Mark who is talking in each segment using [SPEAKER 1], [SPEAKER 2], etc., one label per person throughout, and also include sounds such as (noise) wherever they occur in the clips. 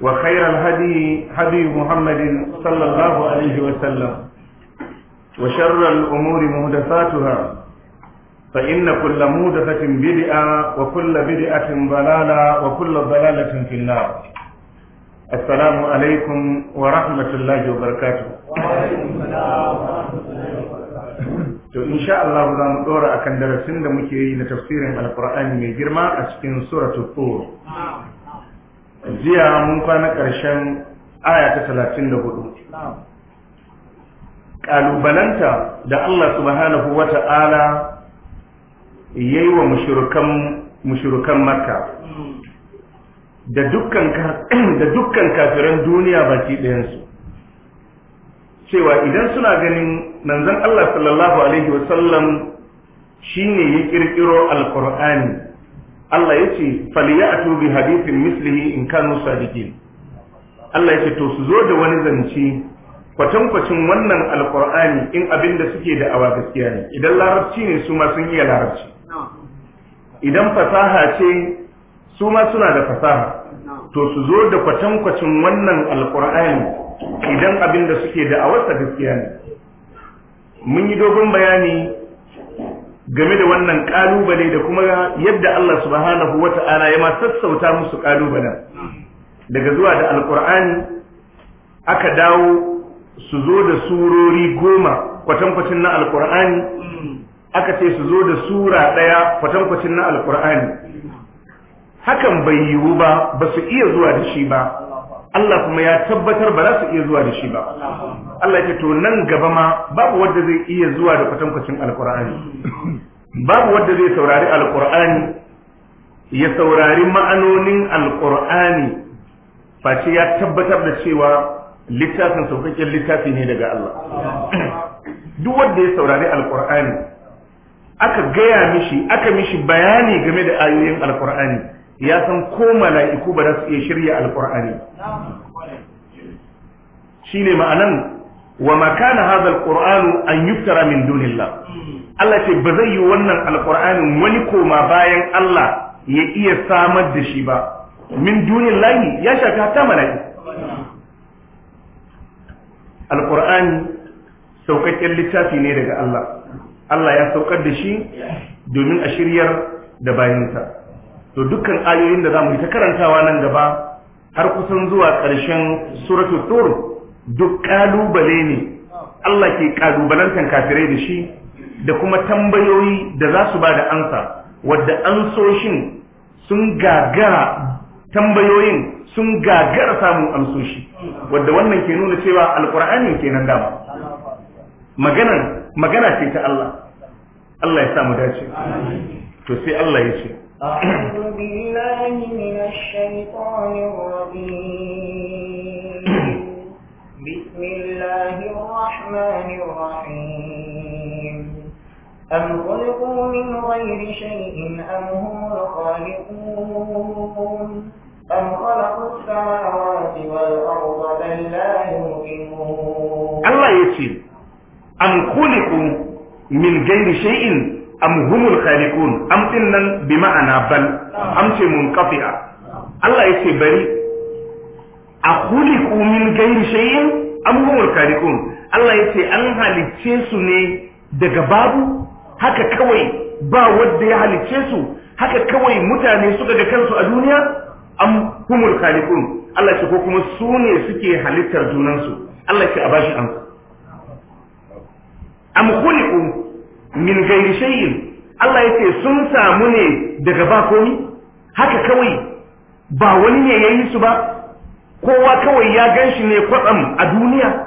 [SPEAKER 1] وخير الهدي هدي محمد صلى الله عليه وسلم وشر الأمور مهدفاتها فإن كل مهدفة بدعة وكل بدعة ضلالة وكل ضلالة في النار السلام عليكم ورحمة الله وبركاته وعليكم السلام ورحمة الله وبركاته to insha Allah za mu dora akan darasin da muke yi na tafsirin alqur'ani mai girma a cikin suratu tur jiya mun kwana ƙarshen aya ta talatin da hudu ƙalubalanta da Allah subhanahu wa ta'ala ya yi wa mashirukan makka hmm. (clears throat) da dukkan kafiran duniya baki ɗayansu cewa idan suna ganin manzon Allah sallallahu alaihi wasallam shi ne ya ƙirƙiro alƙur'ani Allah yace faliyatu bi hadithin mislihi in kanu sadiqin Allah yake to su zo da wani zance kwatankwacin wannan alqur'ani in abin da suke da awa gaskiya ne idan larabci ne su ma sun iya larabci idan fasaha ce su ma suna da fasaha to su zo da kwatankwacin wannan alqur'ani idan abin da suke da awa gaskiya ne mun yi dogon bayani game da wannan kalubale da kuma yadda Allah subhanahu ta'ala ya ma sassauta musu kalubalen daga zuwa da alkur'ani aka dawo su zo da surori goma kwatankwacin na alkur'ani aka ce su zo da sura ɗaya kwatankwacin na alkur'ani hakan bai yiwu ba ba su iya zuwa da shi ba Allah kuma ya tabbatar ba za su iya zuwa da shi ba Allah ya to nan gaba ma babu wanda zai iya zuwa da kwatankwacin alkur'ani babu wanda zai saurari alkur'ani ya saurari ma'anonin alkur'ani face ya tabbatar da cewa littafin saukakken littafi ne daga Allah duk wanda ya saurari alkur'ani aka gaya mishi aka mishi bayani game da ayoyin alkur'ani ya san ko mala'iku ba za su iya shirya alkur'ani shine ma'anan wa ma kana hadha alqur'anu an yuftara min dunillah Allah ce ba zai yi wannan alqur'anin wani koma bayan Allah ya iya samar da shi ba min dunillah ya shafi hatta mala'i alqur'ani saukakken littafi ne daga Allah Allah ya saukar da shi domin a shiryar da bayansa to dukkan ayoyin da zamu yi ta karantawa nan gaba har kusan zuwa ƙarshen suratul tur duk kalubale ne Allah ke kalubalantar kafirai da shi da kuma tambayoyi da za su ba da ansa wadda ansoshin sun gagara tambayoyin sun gagara samun amsoshi wadda wannan ke nuna cewa alkur'ani nan dama maganar magana ce ta Allah Allah ya samu dace to sai Allah ya ce
[SPEAKER 2] الرحمن الرحيم أم خلقوا من غير شيء أم هم الخالقون أم خلقوا السماوات والأرض بل لا يوقنون الله
[SPEAKER 1] يسير أم خلقوا من غير شيء أم هم الخالقون أم تنن بمعنى بل أم شيء منقطع الله يسير بريء أخلقوا من غير شيء أم هم الخالقون Allah ya ce an halicce su ne daga babu haka kawai ba wanda ya halicce su haka kawai mutane suka ga kansu a duniya am humul khaliqun Allah ya ce ko kuma su ne suke halittar junansu Allah ya ce a bashi an am khuliqu min ghairi shay'in Allah ya ce sun samu ne daga ba komi haka kawai ba wani ne yayi su ba kowa kawai ya ganshi ne kwatsam a duniya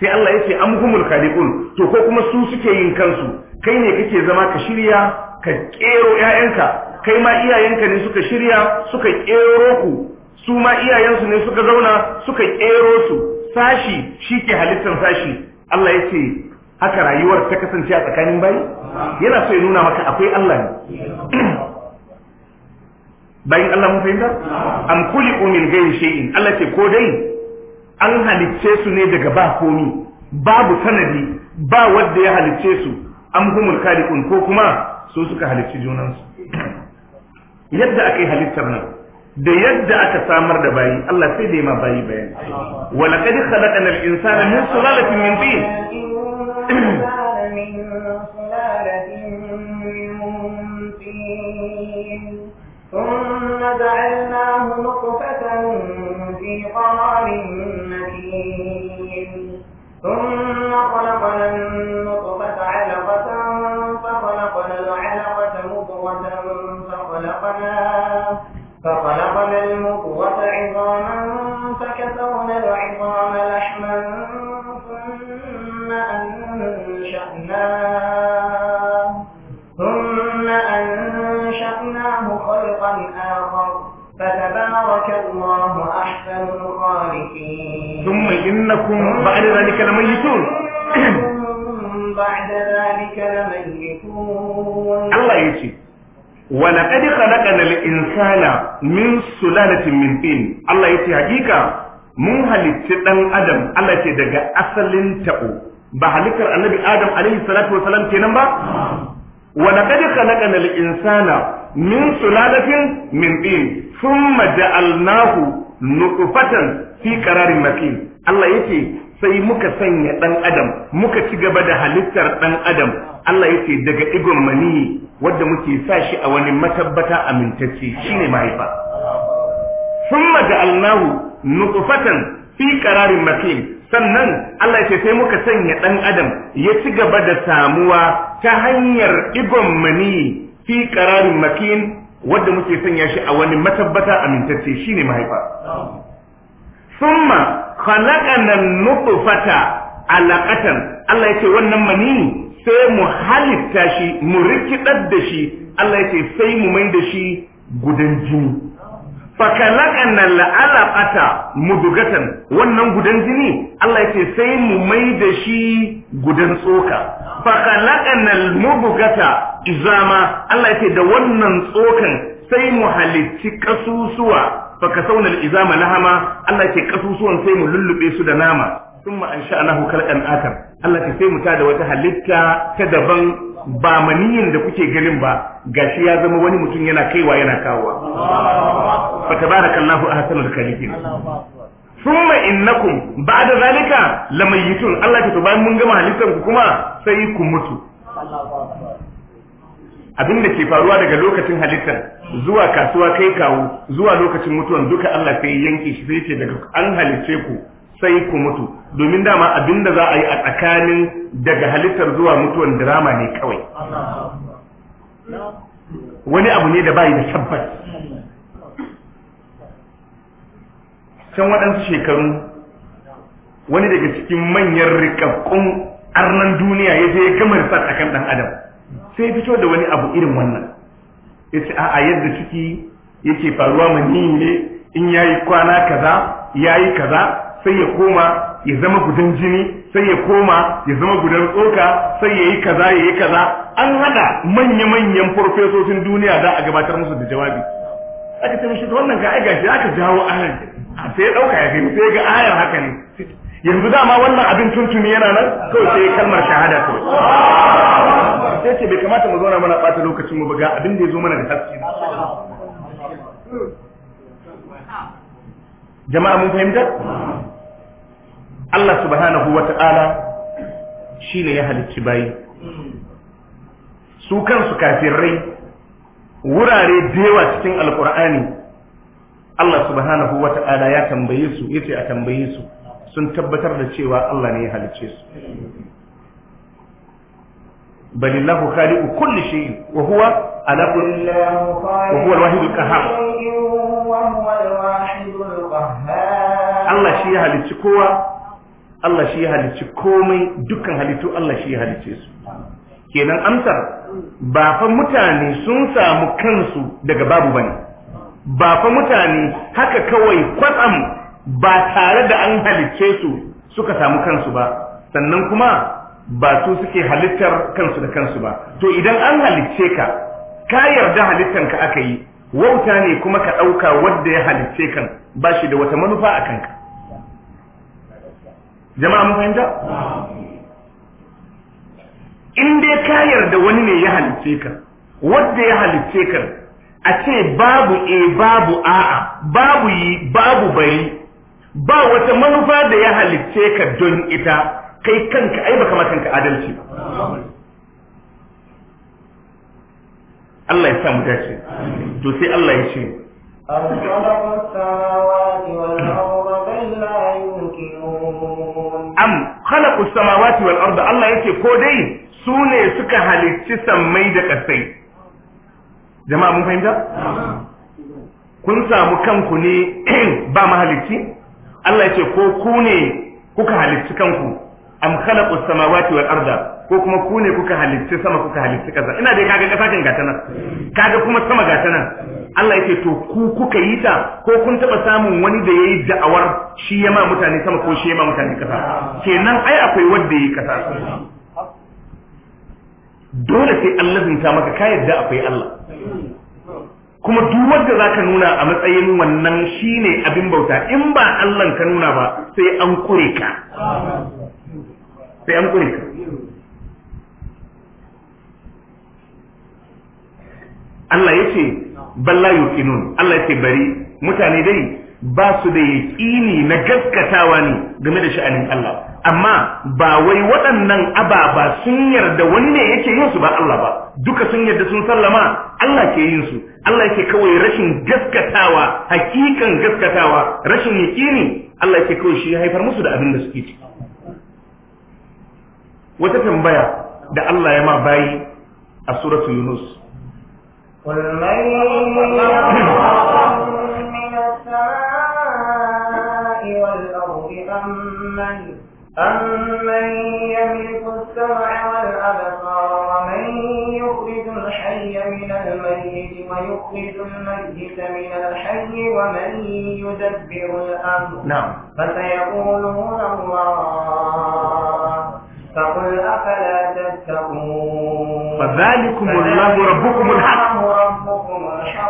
[SPEAKER 1] sai Allah yace amhumul khaliqun to ko kuma su suke yin kansu kai ne kake zama ka shirya ka kero ƴaƴanka kai ma iyayenka ne suka shirya suka kero ku su ma iyayensu ne suka zauna suka kero su sashi shike halittar sashi Allah yace haka rayuwar ta kasance a tsakanin bai yana so ya nuna maka akwai Allah ne bayin Allah mun fahimta am kulli min ghayri shay'in Allah ce ko dai an halicce su ne daga ba komi babu sanadi ba wanda ya halicce su an humul khaliqun ko kuma su suka halicci junansu yadda aka yi halittar nan da yadda aka samar da bayi Allah sai da ma bayi bayani wa laqad khalaqnal insana min sulalatin min tin
[SPEAKER 2] ثم جعلناه نطفة في قرار ثم خلقنا النطفة علقة فخلقنا العلقة مضغة فخلقنا فخلقنا المضغة عظاما فكسونا العظام لحما ثم أنشأناه فتبارك الله أحسن الخالقين
[SPEAKER 1] ثم إنكم بعد ذلك لميتون
[SPEAKER 2] بعد ذلك لميتون الله يجي
[SPEAKER 1] ولقد خلقنا الإنسان من سلالة من طين الله يجي حقيقة mun halitti ɗan adam Allah ce daga asalin taɓo ba halittar annabi adam alaihi salatu Salam kenan ba wa laqad khalaqna al-insana min sulalatin min tin ثم جعلناه نطفة fi قرار makin Allah yace sai muka sanya ɗan adam muka ci gaba da halittar ɗan adam Allah ce daga igon mani wanda muke sa shi a wani matabbata amintacce shine mahaifa da ja'alnahu nutfatan fi kararin makin sannan Allah ce sai muka sanya ɗan adam ya ci gaba da samuwa ta hanyar igon mani fi kararin makin wadda muke sanya shi a wani matabbata amintacce shine mahaifa summa khalaqana nutfata alaqatan Allah yace wannan mani sai mu halitta shi mu rikidar da shi Allah yace sai mu mai da shi gudan jini fakalakan la'alaqata mudugatan wannan gudan jini Allah ce sai mu mai da shi gudan tsoka fakalakan mudugata izama Allah ce da wannan tsokan sai mu halicci kasusuwa fakasauna izama lahama Allah ce ƙasusuwan sai mu lullube su da nama thumma ansha'nahu khalqan akar Allah ce sai mu da wata halitta ta daban ba maniyin da kuke ganin ba gashi ya zama wani mutum yana kaiwa yana kawowa fa tabarakallahu ahsanul khaliqin thumma innakum ba'da zalika lamayitun Allah ta bayan mun gama halittar ku kuma sai ku mutu abin da ke faruwa daga lokacin halittar zuwa kasuwa kai kawo zuwa lokacin mutuwan duka Allah sai yanke shi sai ce daga an halicce ku sai ku mutu domin dama abinda za a yi a tsakanin daga halittar zuwa mutuwan drama ne kawai wani abu ne da bayi da tabbas can waɗansu shekaru wani daga cikin manyan rikakkun arnan duniya ya je gama sa akan ɗan adam sai fito da wani abu irin wannan ya a yadda ciki yake faruwa mani ne in yayi kwana kaza yayi kaza sai ya koma ya zama gudan jini sai ya koma ya zama gudan tsoka sai ya yi kaza ya yi kaza an hada manya-manyan farfesosin duniya za a gabatar musu da jawabi aka ce ta wannan ka aika aka jawo ayar sai ya dauka ya gani sai ga ayar haka ne yanzu dama wannan abin tuntuni yana nan kawai sai kalmar shahada kawai sai ce bai kamata mu zauna mana bata lokacin mu ba ga abin da ya zo mana da haske
[SPEAKER 3] jama'a mun fahimta
[SPEAKER 1] Allah subhanahu wa ta'ala shi ne ya halicci bayi su kansu kafirai wurare da cikin alkur'ani Allah subhanahu wa ta'ala ya tambaye su yace a tambaye su sun tabbatar da cewa Allah ne ya halicce su balillahu khaliqu kulli shay'in wa huwa kulli wa huwa
[SPEAKER 2] al Allah shi ya
[SPEAKER 1] halicci kowa Allah shi ya halicci komai dukkan halittu Allah shi ya halicce su kenan amsar ba fa mutane sun samu kansu daga babu bane ba fa mutane haka kawai kwatsam ba tare da an halicce su suka samu kansu ba sannan kuma ba su suke halittar kansu da kansu ba to idan an halicce ka ka yarda halittanka aka yi wauta ne kuma ka ɗauka wadda ya halicce kan ba shi da wata manufa a kanka jama'a mun fahimta in dai ka yarda wani ne ya halicce ka wadda ya halicce ka a ce babu e babu a'a babu yi babu bari ba wata manufa da ya halicce ka don ita kai kanka ai baka ma kanka adalci ba Allah ya sa mu dace to sai Allah ya ce am khalaqu samawati wal arda Allah yace ko dai su ne suka halicci sammai da kasai jama'a mun fahimta kun samu kanku ne (clears throat) ba mahalicci Allah yace ko ku ne kuka halicci kanku am khalaqu samawati wal arda ko kuma ku ne kuka halitta sama kuka halitta kaza ina dai kaga kasa kin gata nan kaga kuma sama gata nan Allah yake to ku kuka yi ta ko kun taba samun wani da yayi da'awar shi ya ma mutane sama ko shi ya ma mutane kasa kenan ai akwai wanda yayi kasa dole sai Allah zinta maka ka yadda akwai Allah kuma duk wanda zaka nuna a matsayin wannan shine abin bauta in ba Allah ka nuna ba sai an kure sai an kure ka Allah ya ce balla yuqinun Allah ya ce bari mutane dai ba su da yaƙini na gaskatawa ne game da sha'anin Allah amma ba wai waɗannan ababa sun yarda wani ne yake yin su ba Allah ba duka sun yarda sun sallama Allah ke yin su Allah ke kawai rashin gaskatawa hakikan gaskatawa rashin yaƙini Allah ke kawai shi ya haifar musu da abin da suke ci wata tambaya da Allah ya ma bayi a suratul Yunus
[SPEAKER 2] قل من يرزقكم من السماء والأرض أمن أمن يملك السمع والأبصار ومن يخرج الحي من الميت ويخرج الميت من الحي ومن يدبر الأمر نعم فسيقولون الله فقل أفلا تتقون فذلكم الله ربكم الحق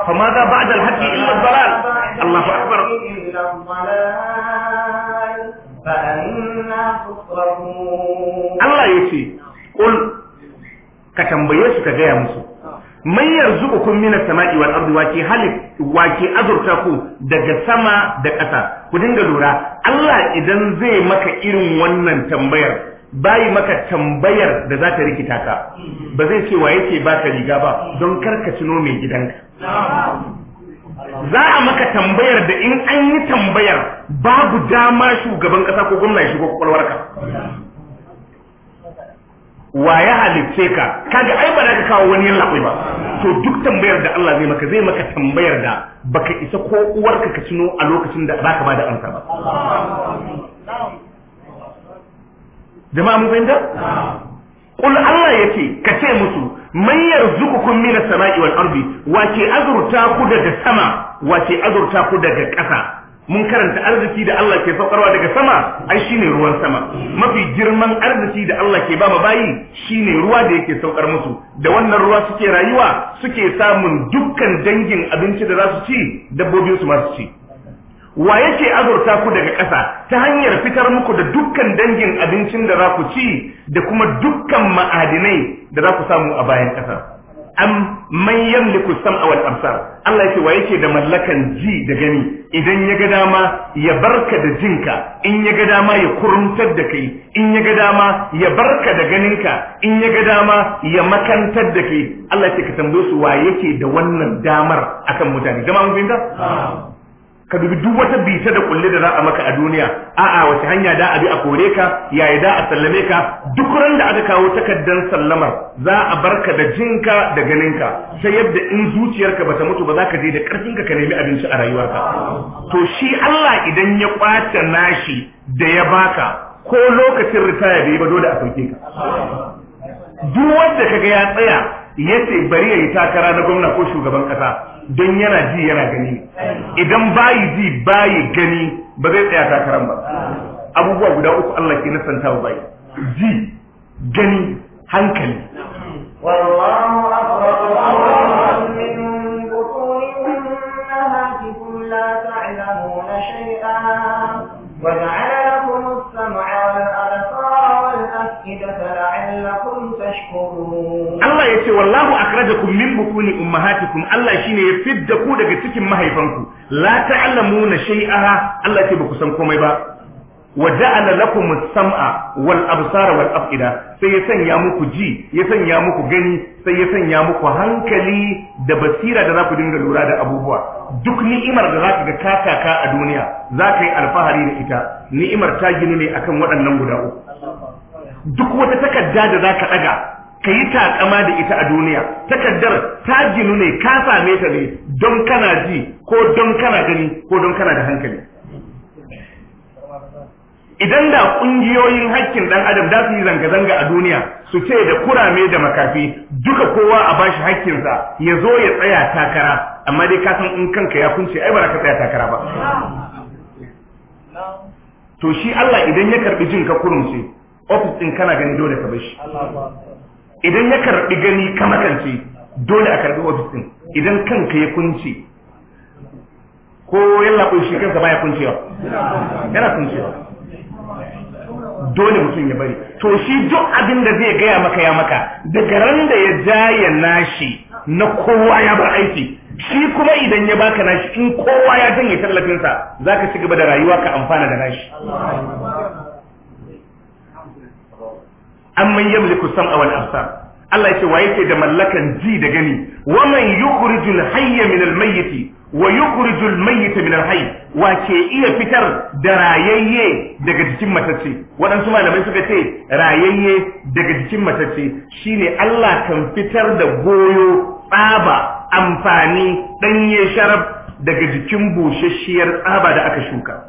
[SPEAKER 2] فماذا بعد الحق إلا الضلال الله أكبر إلا الضلال فأنا تصرفون الله
[SPEAKER 1] يتي قل كتنبيه سكجايا مسو man yarzuqukum min as-sama'i wal ardi wa ki halik wa ki azurta ku daga sama da ƙasa ku dinga lura Allah idan zai maka irin wannan tambayar bayi maka tambayar da za ta rikita ka ba zai ce waye ce ba ka riga ba don kar ka tuno mai gidanka za a maka tambayar da in an yi tambayar babu dama shugaban kasa ko gwamna ya shigo wa ya halicce ka kaga ai ba ka kawo wani yalla ba to duk tambayar da Allah zai maka zai maka tambayar da baka isa ko uwarka ka tuno a lokacin da baka ba da amsa ba jama'a mun fahimta qul Allah yace ka ce musu man yarzuqukum min as-sama'i wal ardi wa ke azurta ku daga sama wa ke azurta ku daga ƙasa mun karanta arziki da Allah ke saukarwa daga sama ai shine ruwan sama mafi girman arziki da Allah ke ba bayi shine ruwa da yake saukar musu da wannan ruwa suke rayuwa suke samun dukkan dangin abinci da za su ci dabbobi su ma su ci wa yake azurta ku daga ƙasa ta hanyar fitar muku da dukkan dangin abincin da za ku ci da kuma dukkan ma'adinai da za ku samu a bayan ƙasa am man yamliku sam'a wal absar Allah yake wa yake da mallakan ji da gani idan ya ga dama ya barka da jinka in ya ga dama ya kuruntar da kai in ya ga dama ya barka da ganinka in ya ga dama ya makantar da kai Allah yake ka tambaye su wa yake da wannan damar akan mutane jama'a mun fahimta ka dubi duk wata bita da kulle da za a maka a duniya a'a wace hanya da a bi a kore ka yayi da a sallame ka duk ran da aka kawo takaddan sallamar za a barka da jinka da ganinka Ta yadda in zuciyarka bata mutu ba za ka je da karfin ka ka nemi abinci a rayuwarka to shi Allah idan ya kwace nashi da ya baka ko lokacin ritaya bai ba dole a sauke ka duk wanda kaga ya tsaya yace bari ya yi takara na gwamna ko shugaban kasa don yana ji yana gani idan bayi ji bayi gani ba zai tsaya takaran ba abubuwa guda uku Allah ke nasanta wa bayi ji gani hankali
[SPEAKER 2] wallahu akbar min la ta'lamuna shay'an Allah
[SPEAKER 1] ya ce wallahu akhrajakum min bukuni ummahatikum Allah shine ya da ku daga cikin mahaifanku la ta'lamuna shay'a Allah ce baku san komai ba wa ja'ala lakum as-sam'a wal absara wal af'ida sai ya sanya muku ji ya sanya muku gani sai ya sanya muku hankali da basira da za ku dinga lura da abubuwa duk ni'imar da zaka ga kakaka a duniya zaka yi alfahari da ita ni'imar ta gini ne akan waɗannan guda uku duk wata takarda da zaka daga ka yi takama da ita a duniya takardar ta ginu ne ka same ta ne don kana ji ko don kana gani ko don kana da hankali idan da kungiyoyin haƙƙin ɗan adam za su yi zanga-zanga a duniya su ce da kurame da makafi duka kowa a bashi haƙƙinsa ya zo ya tsaya takara amma dai ka san in kanka ya kunce ai ba ka tsaya takara ba to shi Allah idan ya karɓi jin ka kurumce ofis din kana gani dole ka bar shi idan ya karbi gani ka makance dole a karbi ofis din idan kanka ya kunce ko yalla ko shi kansa baya kuncewa yana kuncewa dole mutum ya bari to shi duk abin da zai gaya maka ya maka daga ran da ya jaya nashi na kowa ya bar aiki shi kuma idan ya baka nashi in kowa ya janye tallafinsa zaka ci gaba da rayuwa ka amfana da nashi amman yamliku sam'a wal absar Allah yake wa yake da mallakan ji da gani wa man yukhrijul hayya min al mayyit wa yukhrijul mayyit min al hayy wa ke iya fitar da rayayye daga jikin matacce waɗansu malamai suka ce rayayye daga jikin matacce shine Allah kan fitar da goyo tsaba amfani danye sharaf daga jikin bushashiyar tsaba da aka shuka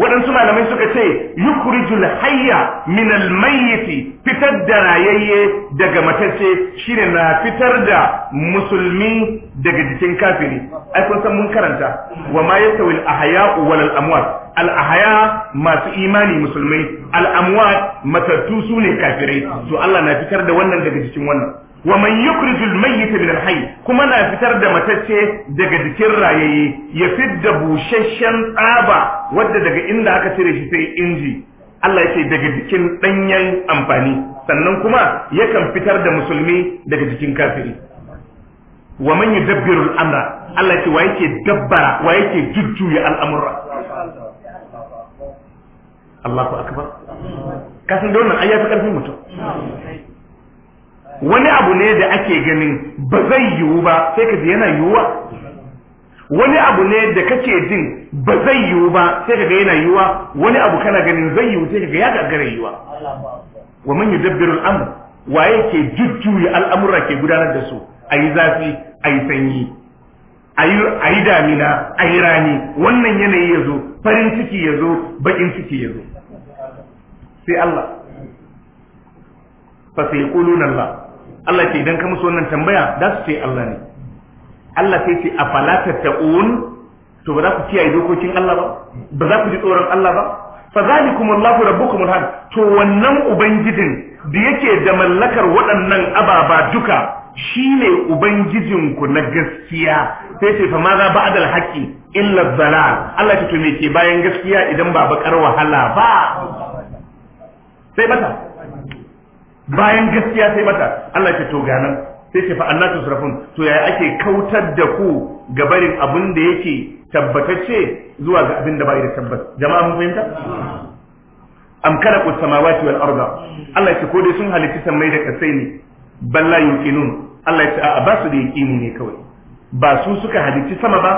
[SPEAKER 1] waɗansu malamai suka ce yukhrijul hayya min almayyiti fitar da rayayye daga matacce shine na fitar da musulmi daga jikin kafiri ai kun san mun karanta wa ma yastawi al ahya wal al amwat al ahya masu imani musulmai al amwat matattu sune kafirai to Allah na fitar da wannan daga jikin wannan wa man yukhrijul mayyit min al-hayy kuma na fitar da matacce daga jikin rayaye ya fidda bushashshen tsaba wadda daga inda aka cire shi sai inji Allah yake daga jikin danyen amfani sannan kuma yakan fitar da musulmi daga jikin kafiri wa man yudabbiru al-amra Allah yake wa yake dabbara wa yake jujjuya al'amura Allahu akbar kasan da wannan ayyafi karfin mutum wani abu ne da ake ganin ba zai yiwu ba sai ka yana yiwuwa wani abu ne da kake jin ba zai yiwu ba sai ka ga yana yiwuwa wani abu kana ganin zai yiwu sai ka ga ya gagara yiwuwa wa man yudabbiru al-amr waye ke jujjuya al'amura ke gudanar da su ayi zafi ayi sanyi ayi damina ayi rani wannan yanayi yazo farin ciki yazo bakin ciki yazo sai Allah fa sayquluna Allah Allah ce idan ka musu wannan tambaya za su ce Allah ne Allah sai ce afala tattaqun to ba za ku kiyaye dokokin Allah ba ba za ku ji tsoron Allah ba fa zalikum Allahu rabbukum alhaq to wannan ubangijin da yake da mallakar waɗannan ababa duka shine ubangijinku na gaskiya sai ce fa ma za ba adal haqqi illa dhalal Allah ya to me ke bayan gaskiya idan ba bakar wahala ba sai mata bayan gaskiya sai mata Allah ce to ganan sai ce fa Allah tusrafun to yaya ake kautar da ku ga barin abin da yake tabbatacce zuwa ga abin da bai da tabbas jama'a mun fahimta am ku samawati wal arda Allah ce ko dai sun halitta sammai da kasai ne balla yuqinun Allah ya ce a ba su da yaqini ne kawai ba su suka halicci sama ba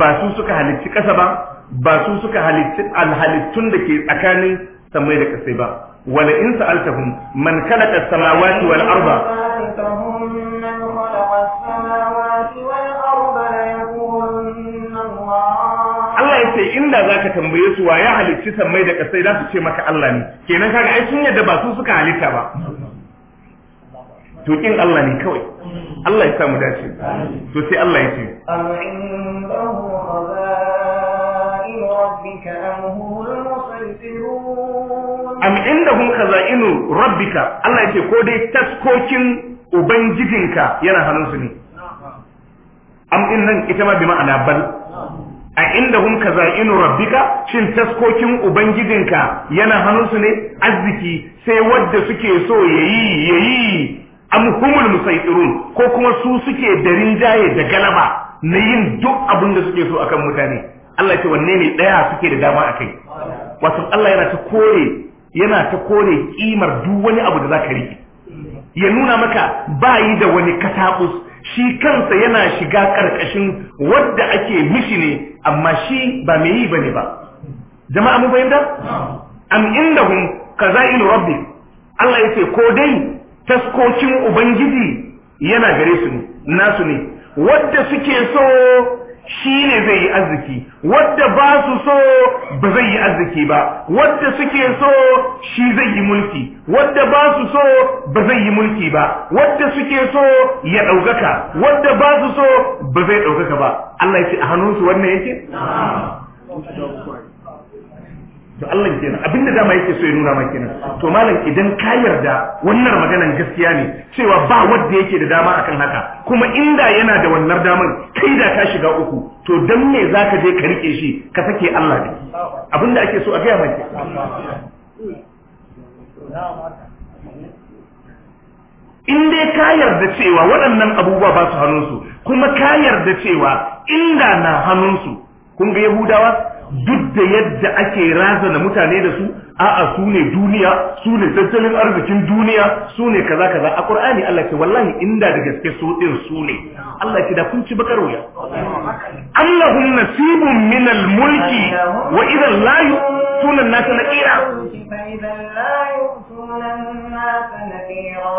[SPEAKER 1] ba su suka halicci kasa ba ba su suka halicci alhalittun da ke tsakanin samai da kasai ba wala in sa'altahum man khalaqa as-samawati wal arda Allah ya ce inda zaka tambaye su wa ya halicci sammai da kasai za su ce maka Allah ne kenan kaga ai sun yadda ba su suka halitta ba to kin Allah ne kawai Allah ya samu dace to sai Allah ya ce
[SPEAKER 2] من ربك أم هم المسيطرون أم عندهم خزائن
[SPEAKER 1] ربك الله يكي كودي تسكوكين ne. ينا هنوسني أم إنن إتما بمعنى بل a inda hum kaza'inu rabbika shin taskokin ubangijinka yana hannunsu ne arziki sai wadda suke so yayi yayi am humul musaitirun ko kuma su suke da jaye da galaba na yin duk abin da suke so akan mutane Allah ce wanne ne daya suke da dama a kai? wato Allah yana ta kore yana ta kore kimar duk wani abu da zaka riki. ya nuna maka bayi da wani katabus shi kansa yana shiga ƙarƙashin wadda ake mishi ne amma shi ba mai yi bane ba jama'a mun fahimta am indahum kaza'il rabbi Allah yace ko dai taskokin ubangiji yana gare su ne nasu ne wadda suke so shi ne zai yi arziki wadda ba su so ba zai yi arziki ba wadda suke so shi zai yi mulki wadda ba su so ba zai yi mulki ba wadda suke so ya ɗaukaka wadda ba su so ba zai ɗaukaka ba Allah ya ce a hannunsu wannan yake? da Allah kenan abinda dama yake so ya nuna ma kenan to malam idan ka yarda wannan maganan gaskiya ne cewa ba wanda yake da dama akan haka kuma inda yana da wannan damar kai da ka shiga uku to dan me zaka je ka rike shi ka sake Allah ne abinda ake so a ga maka in dai ka yarda cewa waɗannan abubuwa ba su hannunsu kuma ka yarda cewa inda na hannunsu kun ga yahudawa duk da yadda ake razana mutane da su a'a su ne duniya su ne tattalin arzikin duniya su ne kaza kaza a qur'ani Allah ce wallahi inda da gaske su din su ne Allah ce da kun ci bakar wuya Allahum nasibun min al-mulki wa idan la yu'tuna an-nasa nakira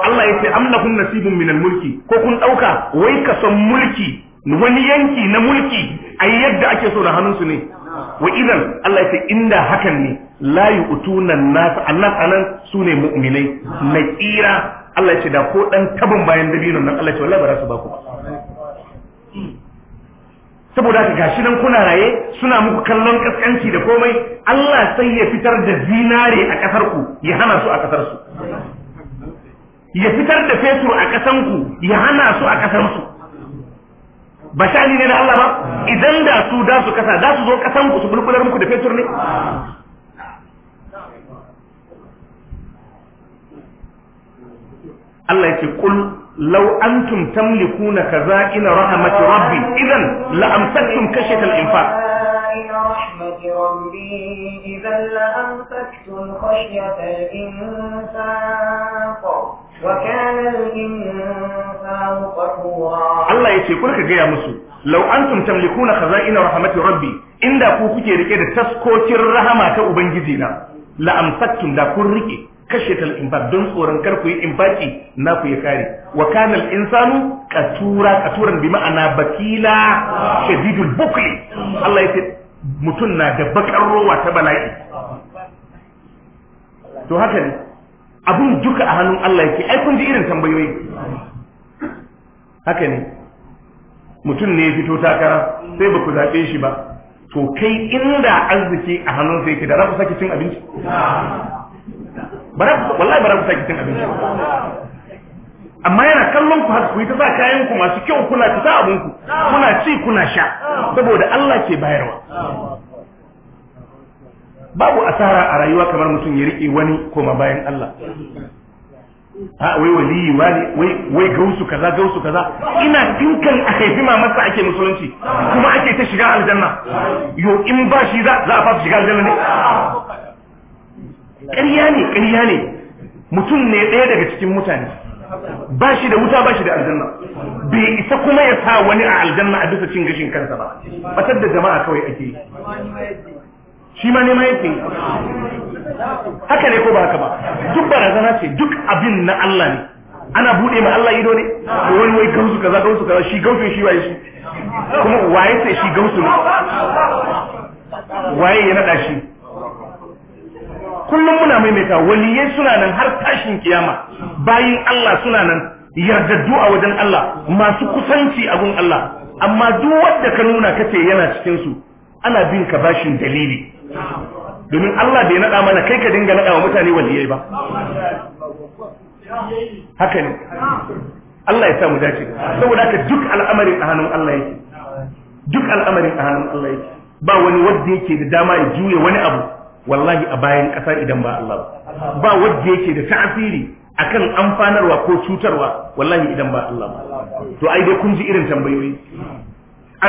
[SPEAKER 2] Allah ya ce am
[SPEAKER 1] lahum nasibun min al-mulki ko kun dauka wai ka san mulki wani yanki na mulki a yadda ake so da hannunsu ne wa idan Allah ya ce inda hakan ne la yu'tuna an-nas annas su ne mu'minai na tsira Allah ya ce da ko dan tabin bayan dabinon nan Allah ya ce wallahi ba za su ba ku ba. saboda haka gashi nan kuna raye suna muku kallon kaskanci da komai Allah sai ya fitar da zinare a kasar ku ya hana su a kasar su ya fitar da fetur a kasan ku ya hana su a kasar su ba sha'ani ne na Allah ba idan da su da su kasa da su zo kasan ku su bulbular muku da fetur ne Allah yake kul law antum tamlikuna kaza'ina rahmati rabbi idan la amsaktum kashatal infaq
[SPEAKER 2] إلى رحمة ربي إذا لأمسكت خشية الإنفاق وكان الإنسان قهورا الله
[SPEAKER 1] يقول inda ku kuke rike da taskocin rahama ta ubangiji na la'amsakkin da kun rike tsoron karku yi imbaki na ku ya kare wa kanal insanu bakila shadidul bukli mutum na da bakar rowa ta bala'i to haka ne abin duka a hannun Allah yake ai kun ji irin tambayoyi haka ne mutum ne ya fito takara sai ba ku zaɓe shi ba to kai inda arziki a hannun sai ke da rafi saki cin abinci wallahi ba rafi saki cin abinci amma yana kallon ku har ku yi ta sa kayan ku masu kyau kuna ta sa abun ku kuna ci kuna sha saboda Allah ke bayarwa babu asara a rayuwa kamar mutum ya rike wani koma bayan Allah ha wai waliyi wani wai wai gausu kaza gausu kaza ina tinkan a haifi mamarsa ake musulunci kuma ake ta shiga aljanna yo in ba shi za a fa shiga aljanna ne ƙarya ne ƙarya ne mutum ne ɗaya daga cikin mutane ba shi da wuta ba shi da aljanna bai isa kuma ya sa wani a aljanna a bisa cin gashin kansa ba batar da jama'a kawai ake yi shi ma nema yake
[SPEAKER 3] haka ne ko ba haka ba duk barazana
[SPEAKER 1] ce duk abin na Allah ne ana bude ma Allah ido ne wani wai gausu kaza gausu kaza shi gausu shi waye shi kuma waye sai shi gausu ne waye ya nada shi kullum muna maimaita waliyai suna nan har tashin kiyama bayin Allah suna nan yardaddu a wajen Allah masu kusanci a gun Allah amma duk wanda ka nuna kace yana cikin su ana bin ka bashin dalili domin Allah bai nada mana kai ka dinga nada wa mutane waliyai ba haka ne Allah ya sa mu dace saboda haka duk al'amarin a hannun Allah yake duk al'amarin a hannun Allah yake ba wani wanda yake da dama ya jure wani abu wallahi a bayan ƙasa idan ba Allah ba ba wanda yake da ta'asiri kan amfanarwa ko cutarwa wallahi idan ba Allah ba to ai dai kun ji irin tambayoyi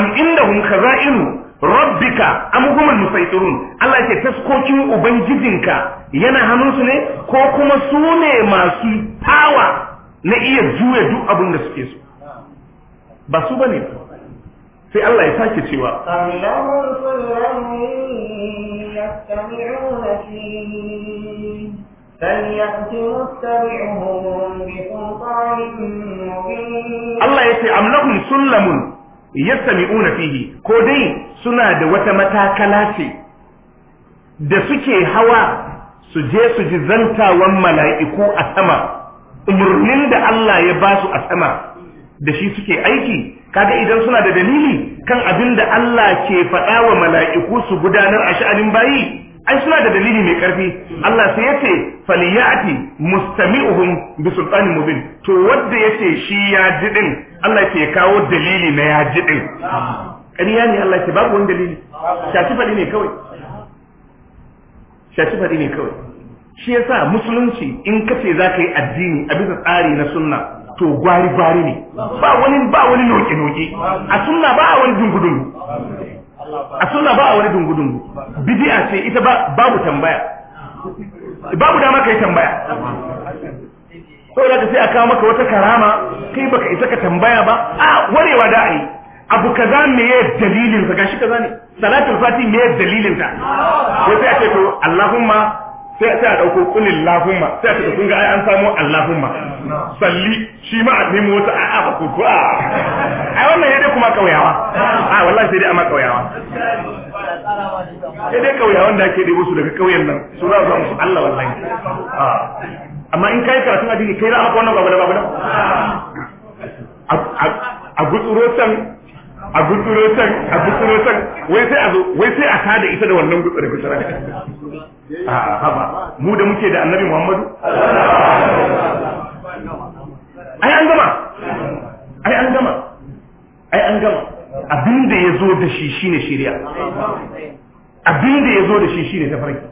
[SPEAKER 1] am indahum khaza'inu rabbika am humul musaytirun Allah ke taskokin ubangijinka yana hannunsu ne ko kuma su ne masu power na iya juya duk abin da suke so ba su bane ba sai Allah ya sake cewa Allah ya ce amlahum sullamun yastami'una fihi ko dai suna da wata matakala ce da suke hawa su je su ji zantawan mala'iku a sama umurnin da Allah ya ba su a sama da shi suke aiki kaga idan suna da dalili kan abin da Allah ke faɗa wa mala'iku su gudanar a sha'anin bayi ai suna da dalili mai ƙarfi? Allah sai yace faliyati mustami'uhum bi sultanin mubin to wanda yace shi ya ji din Allah ke kawo dalili na ya ji din ƙarya ne Allah ke babu wani dalili shaci faɗi ne kawai shaci faɗi ne kawai shi yasa musulunci in kace za ka yi addini a bisa tsari na sunna to gwari gwari ne ba wani ba wani noke noke a sunna ba wani dungudungu
[SPEAKER 3] a sunna ba wani dungudungu bid'a
[SPEAKER 1] ce ita ba babu tambaya
[SPEAKER 3] babu dama yi tambaya
[SPEAKER 1] saboda sai a kawo maka wata karama kai baka isa ka tambaya ba a warewa da ai abu kaza me ya dalilin sa gashi kaza ne salatul fati me ya dalilin ta sai ce to allahumma sai sai a dauko kulil lahumma sai a kun ga ai an samu allahumma salli shi ma a nemo wata a'a ba ku a ai wannan yadda kuma kauyawa a wallahi sai dai amma kauyawa
[SPEAKER 3] sai dai kauyawan da ake debo su daga kauyen nan su za su musu Allah wallahi
[SPEAKER 1] amma in kai karatun addini kai za a maka wannan babu da babu da a gutsuro san a gutsuro can a gutsuro can wai sai a zo wai sai a tada ita da wannan gutsure gutsura
[SPEAKER 3] a haba mu da muke da annabi Muhammadu
[SPEAKER 1] ai an gama ai an gama ai an gama abin da ya zo da shi shine shari'a abin da ya zo da shi shine tafarki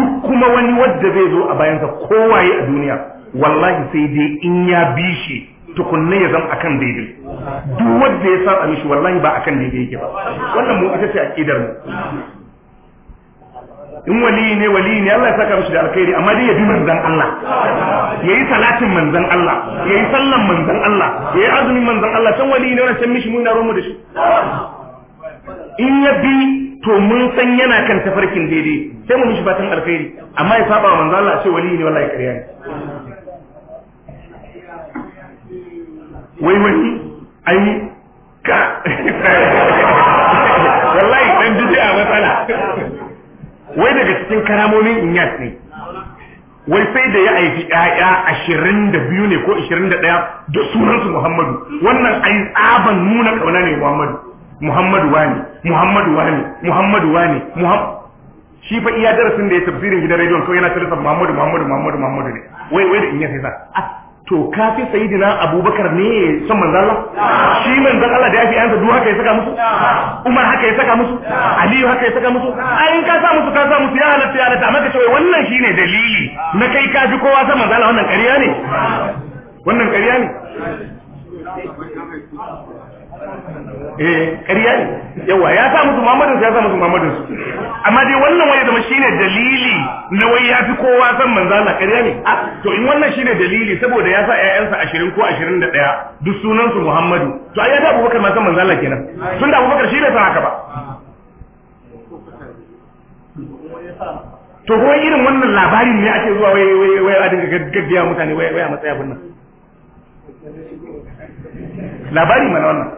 [SPEAKER 1] duk kuma wani wadda zai zo a bayansa kowaye a duniya wallahi sai dai in ya bi shi tukunne ya zama akan daidai duk wanda ya saba mishi wallahi ba akan daidai yake ba wannan mu ita ce aqidar mu in wali ne wali ne Allah ya saka mishi da alkhairi amma dai ya bi manzon Allah yayi salatin manzon Allah yayi sallan manzon Allah yayi azumin manzon Allah san wali ne wannan mishi mun na romu da shi in ya bi to mun san yana kan tafarkin daidai sai mu mishi fatan alkhairi amma ya saba manzon Allah sai wali ne wallahi kariya ne wai wani ai ka wallahi dan a matsala wai daga cikin karamomin inyas ne wai sai da ya aiki ɗaya ashirin da biyu ne ko ashirin da ɗaya da sunansu Muhammadu wannan ayi tsaban nuna ƙauna ne Muhammadu Muhammadu wani Muhammadu wani Muhammadu wani shi fa iya darasin da ya tafsirin gidan rediyon kawai yana tarisa Muhammadu Muhammadu Muhammadu Muhammadu ne wai wai da in ne za? to ka fi sayidina abubakar ne son manzan Allah shi manzan Allah da ya fi yansa duk haka ya saka musu umar haka ya saka musu aliyu haka ya saka musu ayin ka sa musu ka sa musu ya halatta ya halatta amma ka cewa wannan shi ne dalili na kai ka fi kowa san manzan Allah wannan ƙarya ne wannan ƙarya ne
[SPEAKER 3] eh ƙarya
[SPEAKER 1] ne yawa ya sa musu Muhammadu ya sa musu Muhammadu amma dai wannan waye zama shine dalili na wai ya fi kowa san manzo Allah ƙarya ne ah, to in wannan shine dalili saboda ya sa ƴaƴansa 20 ko 21 duk sunan su Muhammadu to ai ya da Abubakar ma san manzo Allah kenan tun da Abubakar shine bai san haka ba to ko irin wannan labarin ne ake zuwa wai wai wai a dinga gaggaya mutane wai wai a matsaya nan
[SPEAKER 3] labari mana wannan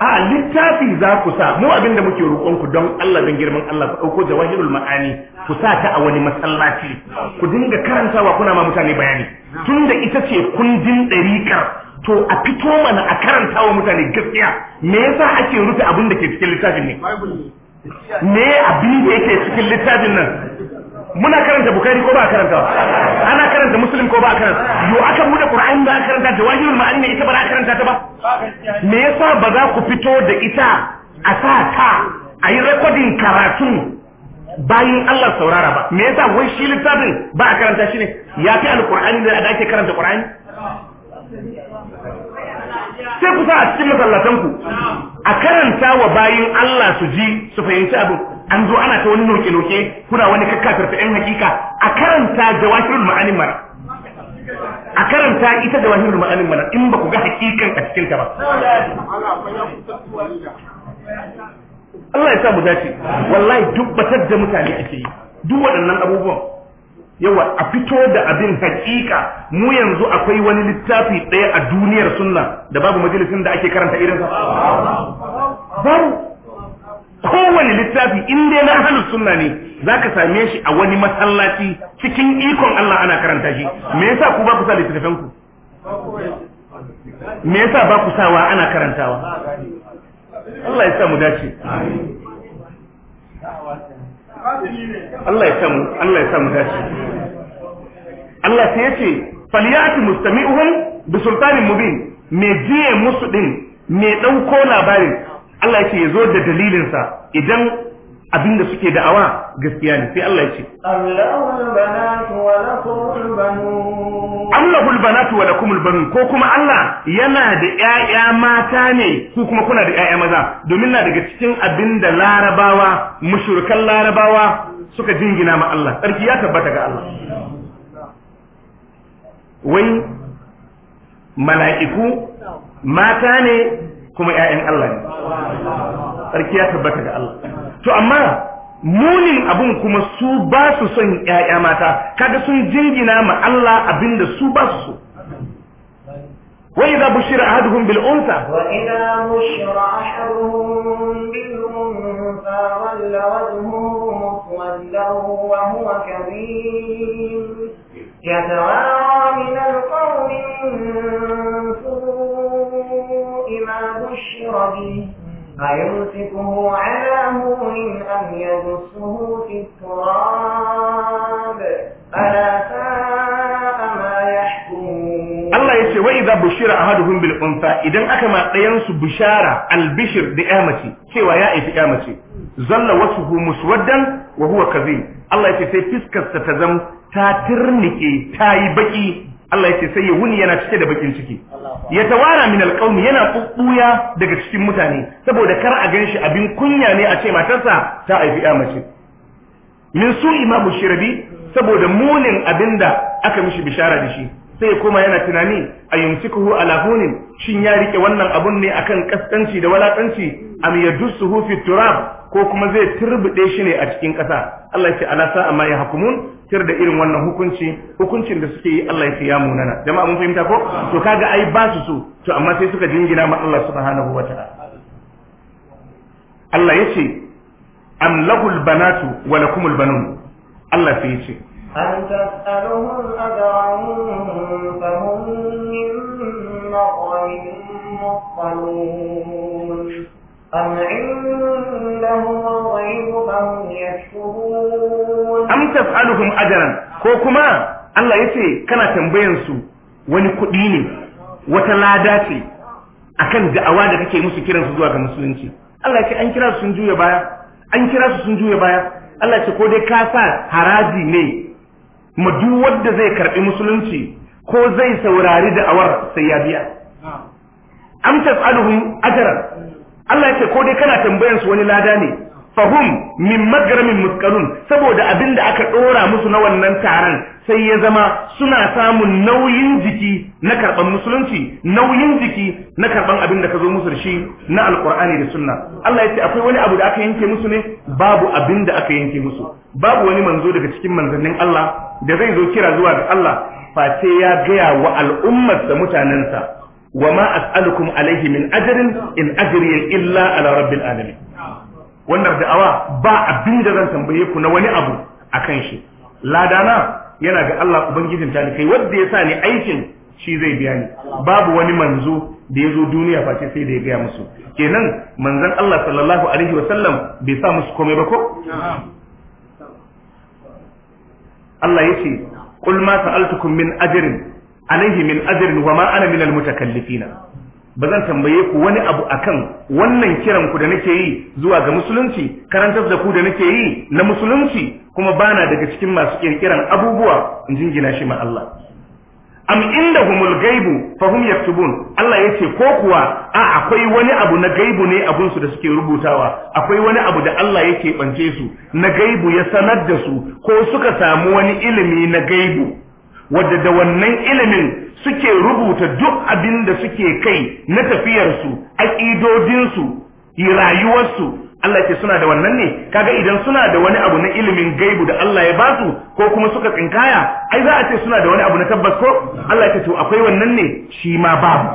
[SPEAKER 1] a littafi za ku sa mu abin da muke roƙonku don Allah don girman Allah ku ɗauko jawahirul ma'ani ku sa ta a wani masallaci ku dinga karantawa kuna ma mutane bayani da ita ce kundin ɗarikar, to a fito mana a karantawa mutane gaskiya me yasa ake rufe abin da ke cikin littafin ne me abin da yake cikin littafin nan muna karanta bukari ko ba karanta ana karanta muslim ko ba karanta yo aka bude qur'ani ba karanta wajibul ma'ani ne ita ba karanta ta ba me yasa ba za ku fito da ita a sa ta a yi recording karatun bayin Allah saurara ba me yasa wai shi littafin ba a karanta shi ne ya fi alqur'ani da ake karanta qur'ani
[SPEAKER 3] sai ku sa a cikin masallatan ku a
[SPEAKER 1] karanta wa bayan Allah su ji su fahimci abin an zo ana ta wani noke-noke kuna wani ta yan hakika a karanta jawahirul ma'anin mana a karanta ita jawahirul ma'anin mana in ba ku ga hakikan a cikin ta ba
[SPEAKER 3] Allah ya sa mu dace wallahi duk
[SPEAKER 1] batar da mutane ake yi duk waɗannan abubuwan yawa a fito da abin hakika mu yanzu akwai wani littafi ɗaya a duniyar sunna da babu majalisin da ake karanta irinsa babu kowane littafi in dai na ahlus sunna ne zaka same shi a wani masallaci cikin ikon Allah ana karanta shi me yasa ku ba ku sa littafin ku
[SPEAKER 3] me yasa ba ku sawa ana karantawa Allah ya sa mu dace Allah ya sa mu Allah ya sa mu dace
[SPEAKER 1] Allah sai yace falyati mustami'uhum bi sultanin mubin me jiye musu din me dauko labarin Allah yake ya zo da dalilinsa idan abin da suke da'awa gaskiya ne sai Allah yake
[SPEAKER 2] Allahul banatu wa lakumul Allahul banatu wa
[SPEAKER 1] lakumul ko kuma Allah yana da 'ya'ya mata ne ku kuma kuna da 'ya'ya maza domin na daga cikin abinda larabawa mushrikan larabawa suka jingina ma Allah sarki ya tabbata ga Allah wai mala'iku mata ne kuma 'ya'yan Allah ne sarki ya tabbata ga Allah to amma munin abun kuma su ba su son 'ya'ya mata kada sun jingina ma Allah abinda su ba su so وإذا بشر أحدهم بالأنثى وإذا
[SPEAKER 2] بشر أحدهم بالأنثى ظل وجهه مسودا وهو أمر به أيمسكه على هون أم يدسه في التراب ألا ساء ما يحكمون الله يسي
[SPEAKER 1] وإذا بشير أهدهم بالأنفاء إذا أكما قيانس بشارة البشر بآمتي سوى يائي بآمتي ظل وصفه مسودا وهو كذين الله يسي تسكت فسكس تتزم تاترنكي تايبكي Allah ya ce sai ya wuni yana cike da bakin ciki ya tawara min alqaumi yana kubbuya daga cikin mutane saboda kar a gan shi abin kunya ne a ce matarsa ta haifi ya mace min su imamu shirabi saboda munin abin da aka mishi bishara da shi sai ya koma yana tunani a yumsikuhu ala hunin shin ya rike wannan abun ne akan kaskanci da walakanci am yadussuhu fi turab ko kuma zai turbude shi ne a cikin ƙasa Allah ya ce ala sa amma ya hukumun tir da irin wannan hukunci hukuncin da suke yi Allah ya ce ya munana jama'a mun fahimta ko to kaga ai ba su so to amma sai suka jingina ma Allah subhanahu wata'ala Allah ya ce am lahul banatu wa lakumul banun Allah sai ya ce
[SPEAKER 2] am عندهم الغيب
[SPEAKER 1] ko kuma Allah ya ce kana su wani kuɗi ne wata lada ce akan da'awa da kake musu kiransu zuwa ga musulunci Allah ya an kira su sun juya baya an kira su sun juya baya Allah ya ko dai ka sa haraji ne ma duk wanda zai karbi musulunci ko zai saurari da'awar sai ya biya am tas'aluhum ajran Allah ya ce ko dai kana tambayan su wani lada ne fahum min magramin muskalun saboda abin da aka dora musu na wannan taron sai ya zama suna samun nauyin jiki na karban musulunci nauyin jiki na karban abin da ka zo musu da shi na alkur'ani da sunna Allah ya ce akwai wani abu da aka yanke musu ne babu abin da aka yanke musu babu wani manzo daga cikin manzannin Allah da zai zo kira zuwa ga Allah face ya gaya wa al'ummar al'ummarsa mutanensa wa ma as'alukum alaihi min ajrin in ajri illa ala rabbil wannan da'awa ba abin da zan tambaye ku na wani abu a kan shi ladana yana ga Allah ubangijin kai, wanda ya sa ni aikin shi zai biya ni babu wani manzo da ya zo duniya face sai da ya gaya musu kenan manzon Allah sallallahu alaihi wa sallam bai sa musu komai ba ko Allah yace qul ma sa'altukum min ajrin alaihi min ajrin wa ma ana min almutakallifina ba zan tambaye ku wani abu akan wannan kiran ku da nake yi zuwa ga musulunci karantar da ku da nake yi na musulunci kuma bana daga cikin masu kirkiran abubuwa in jingina shi ma Allah am indahumul gaibu fahum yaktubun Allah yace ko kuwa a akwai wani abu na gaibu ne abun su da suke rubutawa akwai wani abu da Allah yake bance su na gaibu ya sanar da su ko suka samu wani ilimi na gaibu wadda da wannan ilimin suke rubuta duk abin da suke kai na tafiyarsu aƙidodinsu rayuwarsu Allah ce suna da wannan ne kaga idan suna da wani abu na ilimin gaibu da Allah ya basu ko kuma suka tsinkaya ai za a ce suna da wani abu na tabbas ko Allah ce to akwai wannan ne shi ma babu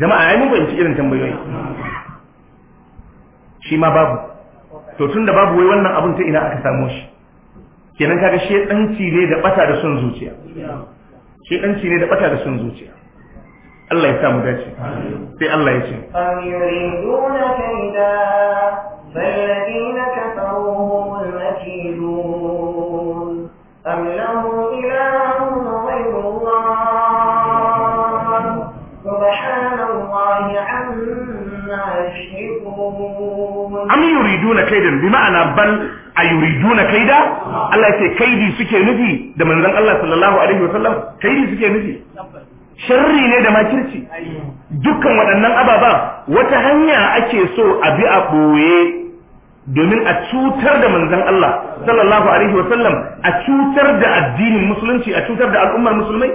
[SPEAKER 1] jama'a ai mun fahimci irin tambayoyi shi ma babu to tunda babu wai wannan abun ta ina aka samu shi kenan kaga shedanci ne da bata da son zuciya shedanci ne da bata da son zuciya Allah ya samu dace sai Allah ya ce
[SPEAKER 2] am yuriduna kaida فالذين كفروا هم
[SPEAKER 1] المكيدون Allah ce kaidi suke nufi da manzon Allah sallallahu alaihi wasallam kaidi suke nufi sharri ne da makirci dukkan waɗannan ababa wata hanya ake so a bi a boye domin a cutar da manzon Allah sallallahu alaihi wasallam a cutar da addinin musulunci a cutar da al'ummar musulmai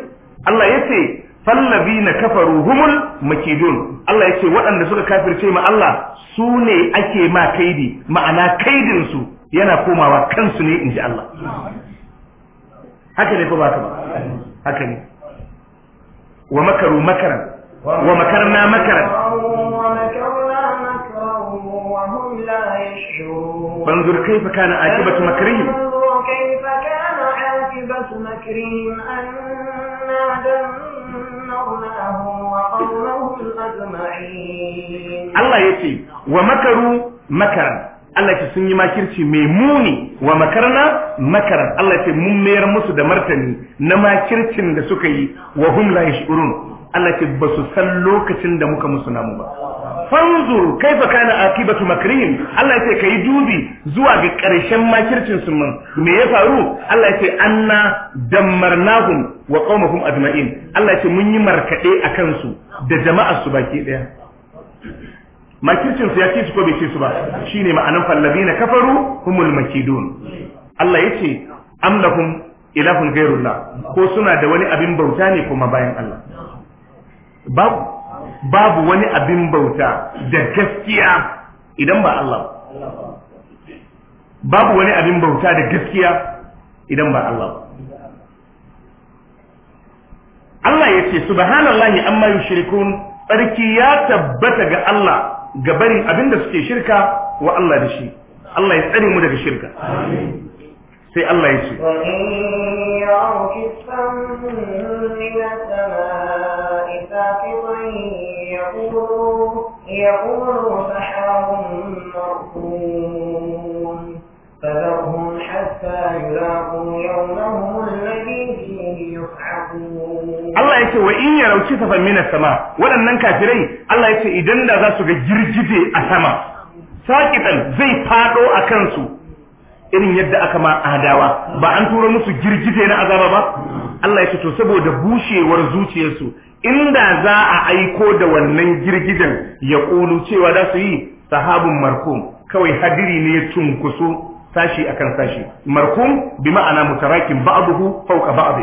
[SPEAKER 1] Allah ya ce fallabi na kafaru humul makidun Allah ya ce waɗanda suka kafirce ma Allah su ne ake ma kaidi ma'ana kaidin su yana komawa kansu ne inji Allah haka ne ko ba ka ba haka ne wa makaru makaran wa makarna makaran
[SPEAKER 2] فانظر كيف كان عاقبة مكرهم كيف كان عاقبة مكرهم أنا دمرناهم وقومهم
[SPEAKER 1] Allah ce sun yi makirci mai muni wa makarna makara. Allah ce mun mayar musu da martani na makircin da suka yi wa hum la yashurun Allah ce ba su san lokacin da muka musu namu ba fanzur kaifa kana akibatu makrihim Allah ya ce kai dubi zuwa ga karshen makircin su mun me ya faru Allah ya ce anna dammarnahum wa qaumahum ajma'in Allah ya ce mun yi markade akan su da jama'ar su baki daya makircin su ya ce su ko bai ce su ba shine ma'anan fallabina kafaru humul makidun Allah yace am lahum ilahun ghairullah ko suna da wani abin bauta ne kuma bayan Allah babu babu wani abin bauta da gaskiya idan ba Allah babu wani abin bauta da gaskiya idan ba Allah Allah yace subhanallahi amma yushrikun tsarki ya tabbata ga Allah ga barin abin suke shirka wa Allah da shi Allah ya tsare mu daga shirka sai Allah ya ce
[SPEAKER 2] يقولوا سحر مركون فذرهم حتى يلاقوا يومهم الذي فيه يصعقون الله يكي وإن
[SPEAKER 1] يروا كسفا من السماء ولن ننكا idan الله يكي إذن ga girgije a جرجدي السماء ساكتا زي a أكنسو irin yadda aka ma hadawa, ba an turo musu girgije na azaba ba Allah ya ce to saboda bushewar zuciyarsu inda za a aiko da wannan girgijen ya kulu cewa da su yi sahabun markum kawai hadiri ne ya cunkusu sashi akan sashi markum bi ma'ana mutarakin ba'dahu fawqa ba'd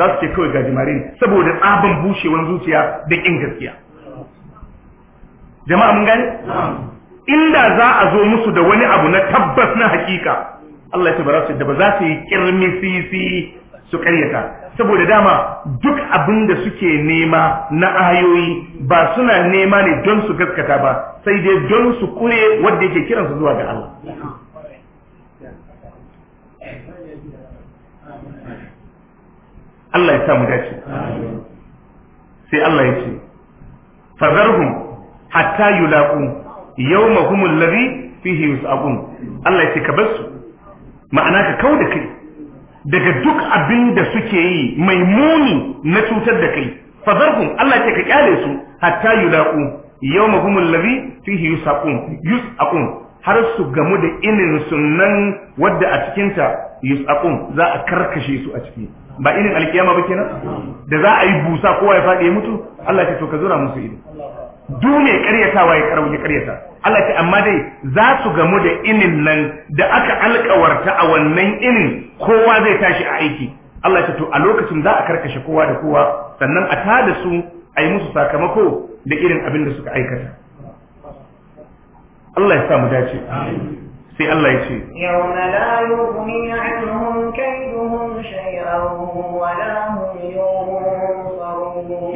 [SPEAKER 1] za su ce kawai ga jimarin saboda tsaban bushewan zuciya da kin gaskiya jama'a mun gani? inda za a zo musu da wani abu na tabbas na hakika Allah ya tabbata da ba za su yi sisi su karyata saboda dama duk abin da suke nema na ayoyi ba suna nema ne don su gaskata ba sai dai don su kure wanda yake kiransu zuwa ga Allah Allah ya sa mu dace sai Allah ya ce fazarhum hatta yulaqu hum allazi fihi yus'abun Allah ya ce ka bar su ma'ana ka kau da kai daga duk abin da suke yi mai muni na cutar da kai fazarhum Allah ya ce ka kyale su hatta yulaqu hum allazi fihi yus'abun yus'abun har su gamu da inin sunan wadda a cikinta yus'aqun za a karkashe su a ciki ba irin alkiyama ba kenan da za a yi busa kowa ya faɗi ya mutu Allah ce to ka zura musu ido du mai karyatawa ya ya karyata Allah ce amma dai za su gamu da inin nan da aka alkawarta a wannan inin kowa zai tashi a aiki Allah ce to a lokacin za a karkashe kowa da kowa sannan a tada su a yi musu sakamako da irin abin da suka aikata Allah ya sa mu dace sai Allah ya ce
[SPEAKER 2] yawma la yughni anhum kaydu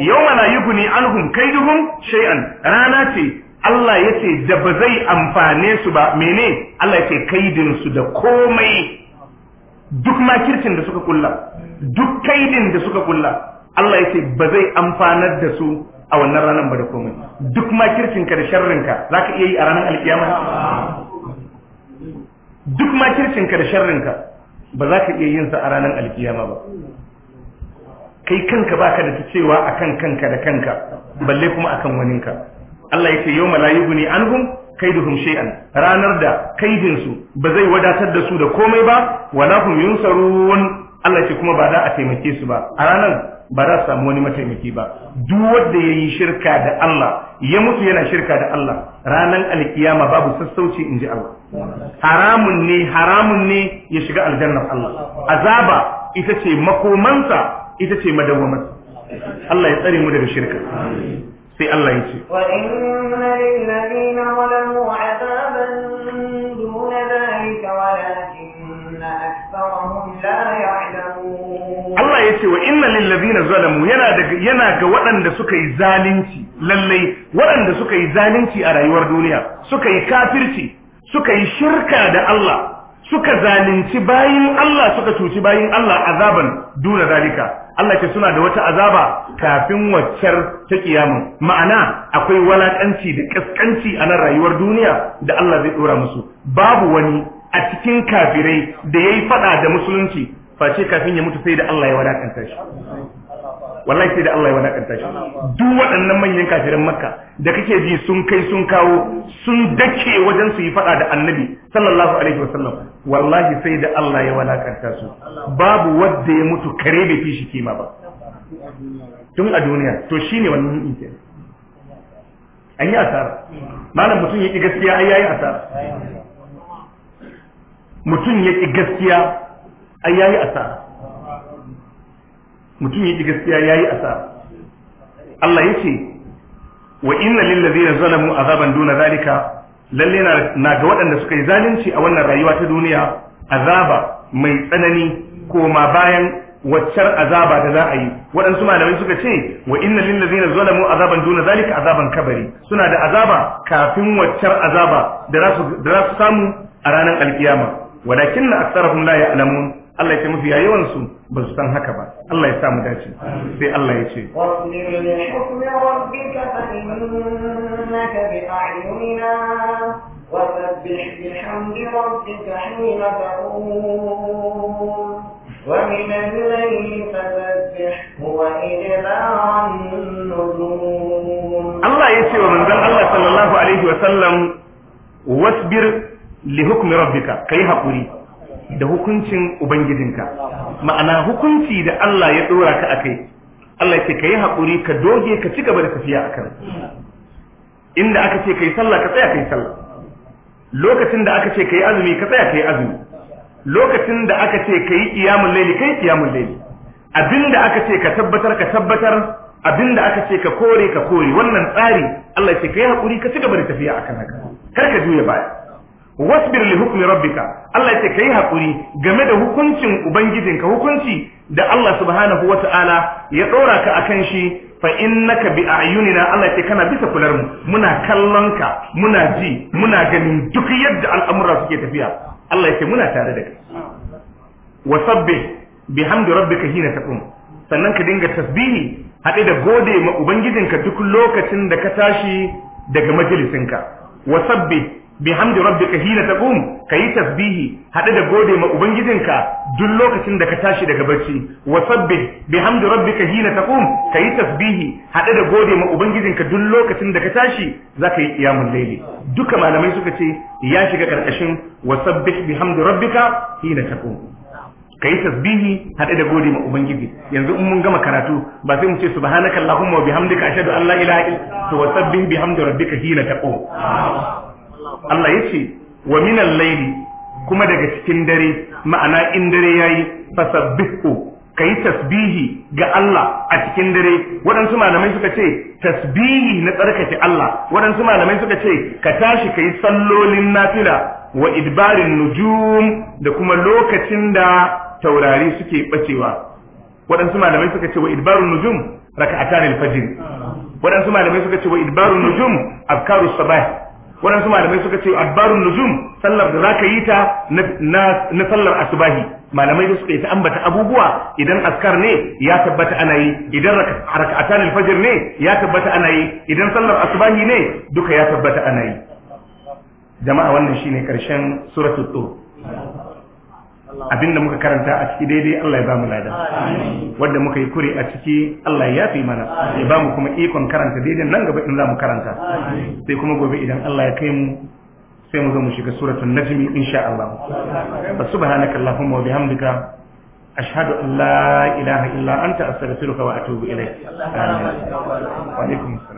[SPEAKER 2] yau mana yi
[SPEAKER 1] guni an hun kai duhun shay'an rana ce Allah ya ce da ba zai amfane su ba mene Allah ya ce kaidinsu da komai duk makircin da suka kulla duk kaidin da suka kulla Allah ya ce ba zai amfanar da su a wannan ranar ba da komai duk ka da ka za ka iya yi a ranar alkiyama duk ka da sharrin ka. ba za ka iya yin sa a ranar alkiyama ba kai kanka baka da cewa akan kanka da kanka balle kuma akan waninka Allah yake yawma ne yughni anhum kaiduhum shay'an ranar da kaidin su ba zai wadatar da su da komai ba wala hum yunsarun Allah yake kuma ba za a taimake su ba a ranar ba za su samu wani mataimaki ba duk wanda yayi shirka da Allah ya mutu yana shirka da Allah ranan alkiyama babu sassauci inji Allah haramun ne haramun ne ya shiga aljanna Allah azaba ita ce makomansa ita ce madawwamarsa Allah ya tsare mu daga shirka sai Allah ya ce wa
[SPEAKER 2] inna lil ladina zalamu azaban duna dhalika walakinna aktharuhum la ya'lamun Allah ya ce wa inna
[SPEAKER 1] lil ladina zalamu yana yana ga waɗanda suka yi zalunci lallai waɗanda suka yi zalunci a rayuwar duniya suka yi kafirci suka yi shirka da Allah suka zalunci bayin Allah suka cuci bayin Allah azaban duna zalika Allah ke suna da wata azaba kafin waccar ta kiyamun ma'ana akwai walakanci da kaskanci a nan rayuwar duniya da Allah zai dora musu babu wani a cikin kafirai da yayi fada da musulunci face kafin ya mutu sai da Allah ya wadakanta shi wallahi sai da Allah ya wadakanta shi duk waɗannan manyan kafirin makka da kake ji sun kai sun kawo sun dace wajen su yi faɗa da annabi sallallahu alaihi wasallam wallahi sai da Allah ya wadakanta su babu wanda ya mutu kare bai fi shi kima ba tun a duniya to shine wannan inke an yi asara malam mutum ya ki gaskiya ai yayi asara mutum ya ki gaskiya ai yayi asara mutum ya gaskiya yayi asara Allah yace wa inna lil ladzina zalamu azaban duna zalika lalle na ga waɗanda suka yi zalunci a wannan rayuwa ta duniya azaba mai tsanani koma bayan waccar azaba da za a yi waɗansu malamai suka ce wa inna lil ladzina zalamu azaban duna zalika azaban kabari suna da azaba kafin waccar azaba da za su samu a ranar alkiyama walakinna aktsarahum la ya'lamun Allah ya ce mafiya ba su san haka ba Allah ya sa mu dace sai Allah ya ce
[SPEAKER 2] Allah ya ce wa manzan Allah sallallahu Alaihi
[SPEAKER 1] wasallam wasbir li hukumin rabbika ka yi haƙuri da hukuncin ubangijinka ma'ana hukunci da Allah ya dora ka akai Allah ce kai hakuri ka doge ka ci gaba da tafiya akan inda aka ce kai sallah ka tsaya kai sallah lokacin da aka ce kai azumi ka tsaya kai azumi lokacin da aka ce kai qiyamul layli kai qiyamul layli abinda aka ce ka tabbatar ka tabbatar abinda aka ce ka kore ka kore wannan tsari Allah ya ce kai hakuri ka ci gaba da tafiya akan haka kar ka juya baya wasbir li hukmi rabbika Allah ya ce kai hakuri game da hukuncin ubangijinka hukunci da Allah subhanahu wataala ya dora ka akan shi fa innaka bi ayunina Allah ya kana bisa kular mu muna kallon ka muna ji muna ganin duk yadda al'amura suke tafiya Allah ya ce muna tare da kai bi hamdi rabbika hina taqum sannan ka dinga tasbihi haɗe da gode ma ubangijinka duk lokacin da ka tashi daga majalisinka sabbih Bi hamdi rabbika hina taqum kayi tasbihi hada da gode ma ubangijinka duk lokacin da ka tashi daga barci wa sabbih hamdi rabbika hina taqum kayi tasbihi hada da gode ma ubangijinka duk lokacin da ka tashi zaka yi qiyamul layli duka malamai suka ce ya shiga karkashin wa sabbih hamdi rabbika hina taqum kayi tasbihi hada da gode ma ubangiji yanzu in mun gama karatu ba sai mu ce subhanakallahumma wa bihamdika ashhadu an la ilaha illa anta wa sabbih bihamdi rabbika hina taqum Allah ya ce, wa minan laili kuma daga cikin dare ma'ana in dare yayi fasabbihu yi tasbihi ga Allah a cikin dare waɗansu malamai suka ce tasbihi na tsarkake Allah waɗansu malamai suka ce ka tashi yi sallolin nafila wa idbarin nujum da kuma lokacin da taurari suke bacewa waɗansu malamai suka ce wa idbarin nujum raka'atan al waɗansu malamai suka ce wa idbarin nujum afkarus sabah waɗansu malamai suka ce adbarun nuzum sallar da zaka yi ta na sallar asubahi malamai da suka yi ta ambata abubuwa idan askar ne ya tabbata ana yi idan rak'atan alfajr ne ya tabbata ana yi idan sallar asubahi ne duka ya tabbata ana yi jama'a wannan shine karshen suratul tur
[SPEAKER 3] abinda muka karanta a ciki daidai Allah ya ba mu lada wanda muka yi kure a ciki
[SPEAKER 1] Allah ya fi mana ya ba mu kuma ikon karanta daidai nan gaba in za mu karanta sai kuma gobe idan Allah ya kai mu sai mu zo mu shiga suratul najmi insha Allah subhanaka allahumma wa bihamdika ashhadu an la ilaha illa anta astaghfiruka wa atubu ilayk wa
[SPEAKER 3] alaikum